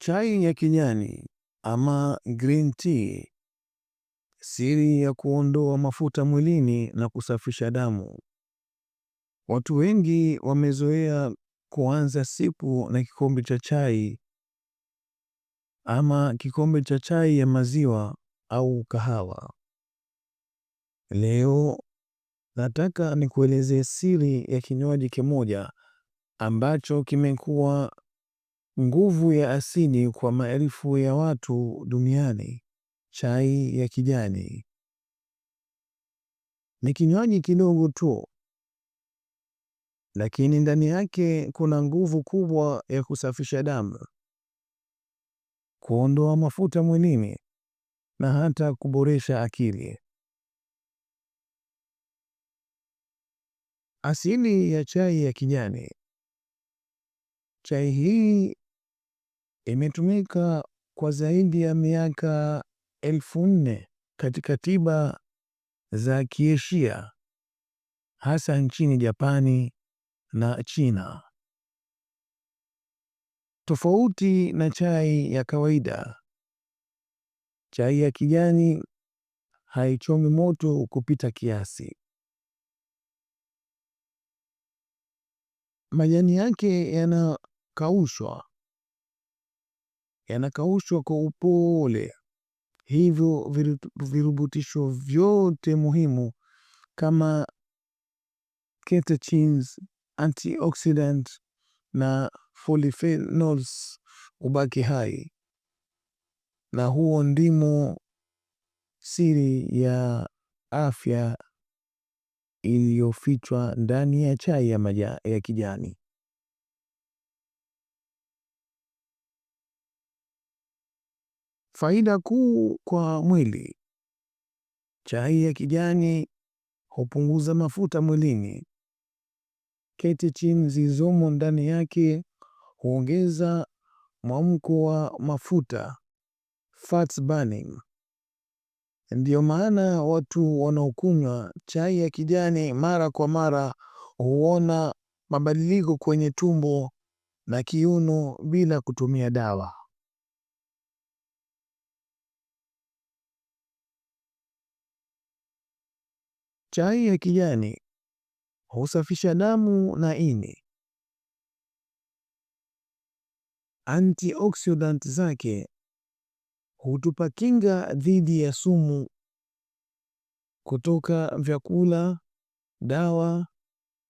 Chai ya kijani ama green tea. Siri ya kuondoa mafuta mwilini na kusafisha damu. Watu wengi wamezoea kuanza siku na kikombe cha chai ama kikombe cha chai ya maziwa au kahawa. Leo nataka nikuelezee siri ya kinywaji kimoja ambacho kimekuwa Nguvu ya asili kwa maelfu ya watu duniani. Chai ya kijani ni kinywaji kidogo tu, lakini ndani yake kuna nguvu kubwa ya kusafisha damu, kuondoa mafuta mwilini na hata kuboresha akili. Asili ya chai ya kijani. Chai hii imetumika kwa zaidi ya miaka elfu nne katika tiba za kieshia hasa nchini Japani na China. Tofauti na chai ya kawaida, chai ya kijani haichomi moto kupita kiasi. Majani yake yanakaushwa yanakaushwa kwa upole. Hivyo virutubisho vyote muhimu kama catechins, antioxidant na polyphenols ubaki hai, na huo ndimo siri ya afya iliyofichwa ndani ya chai ya kijani. Faida kuu kwa mwili, chai ya kijani hupunguza mafuta mwilini. Catechin zilizomo ndani yake huongeza mwamko wa mafuta fat burning. Ndiyo maana watu wanaokunywa chai ya kijani mara kwa mara huona mabadiliko kwenye tumbo na kiuno bila kutumia dawa. Chai ya kijani husafisha damu na ini. Antioxidant zake hutupa kinga dhidi ya sumu kutoka vyakula, dawa,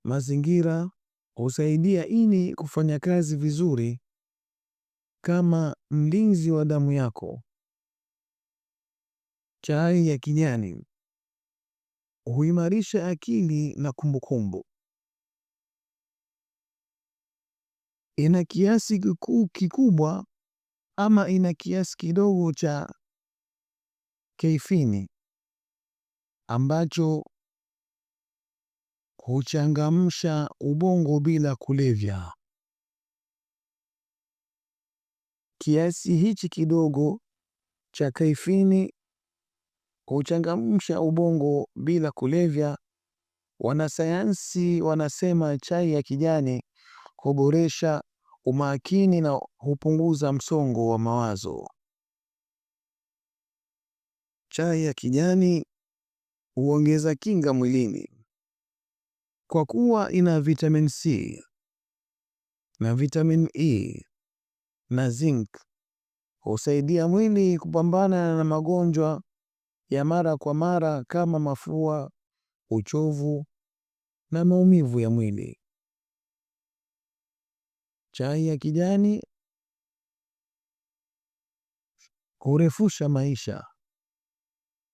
mazingira. Husaidia ini kufanya kazi vizuri kama mlinzi wa damu yako. Chai ya kijani Huimarisha akili na kumbukumbu. Ina kiasi kikubwa ama ina kiasi kidogo cha keifini ambacho huchangamsha ubongo bila kulevya. Kiasi hichi kidogo cha kaifini huchangamsha ubongo bila kulevya. Wanasayansi wanasema chai ya kijani huboresha umakini na hupunguza msongo wa mawazo. Chai ya kijani huongeza kinga mwilini kwa kuwa ina vitamin C na vitamin E na zinc, husaidia mwili kupambana na magonjwa ya mara kwa mara kama mafua, uchovu na maumivu ya mwili. Chai ya kijani hurefusha maisha.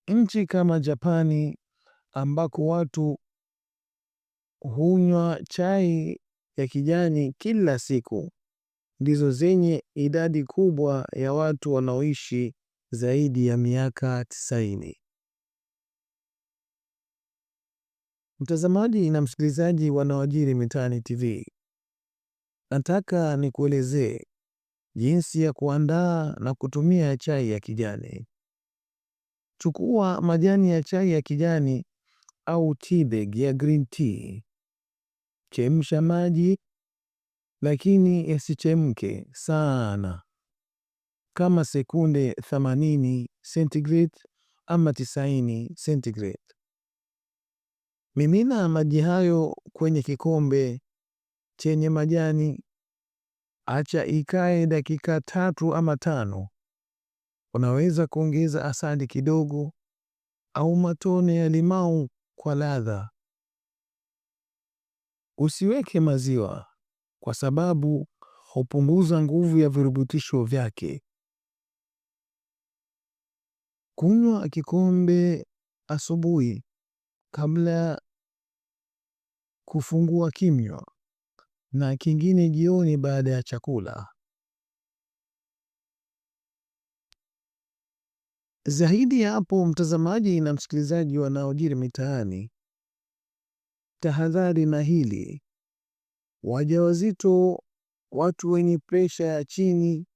Nchi kama Japani ambako watu hunywa chai ya kijani kila siku, ndizo zenye idadi kubwa ya watu wanaoishi zaidi ya miaka tisaini. Mtazamaji na msikilizaji yanayojiri mitaani TV, nataka nikuelezee jinsi ya kuandaa na kutumia chai ya kijani. Chukua majani ya chai ya kijani au tea bag ya green tea. Chemsha maji, lakini yasichemke sana kama sekunde 80 centigrade ama 90 centigrade. Mimina maji hayo kwenye kikombe chenye majani, acha ikae dakika tatu ama tano. Unaweza kuongeza asali kidogo au matone ya limau kwa ladha. Usiweke maziwa kwa sababu hupunguza nguvu ya virutubisho vyake kunywa kikombe asubuhi kabla kufungua kinywa na kingine jioni baada ya chakula. Zaidi ya hapo, mtazamaji na msikilizaji wanaojiri mitaani, tahadhari na hili: wajawazito, watu wenye presha ya chini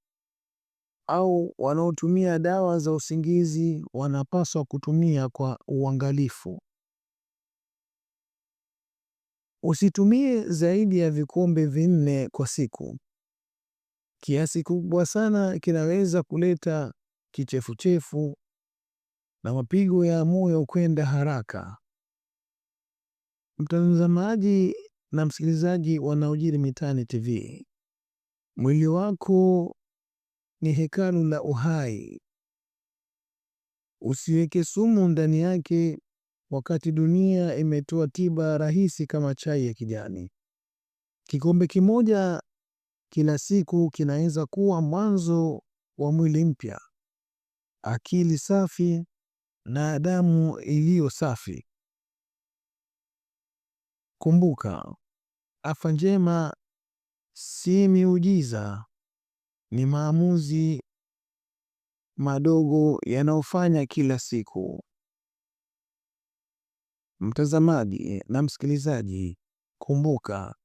au wanaotumia dawa za usingizi wanapaswa kutumia kwa uangalifu. Usitumie zaidi ya vikombe vinne kwa siku. Kiasi kubwa sana kinaweza kuleta kichefuchefu na mapigo ya moyo kwenda haraka. Mtazamaji na msikilizaji wa yanayojiri mitaani TV, mwili wako ni hekalu la uhai. Usiweke sumu ndani yake, wakati dunia imetoa tiba rahisi kama chai ya kijani. Kikombe kimoja kila siku kinaweza kuwa mwanzo wa mwili mpya, akili safi na damu iliyo safi. Kumbuka, afya njema si miujiza, ni maamuzi madogo yanayofanya kila siku. Mtazamaji na msikilizaji, kumbuka,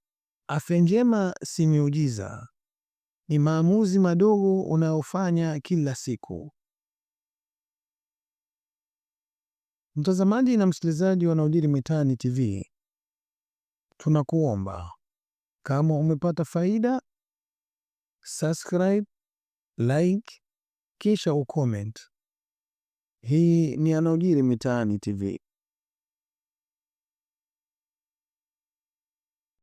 afya njema si miujiza, ni maamuzi madogo unayofanya kila siku. Mtazamaji na msikilizaji yanayojiri mitaani TV, tunakuomba kama umepata faida subscribe, like kisha ucomment. Hii ni yanayojiri mitaani TV.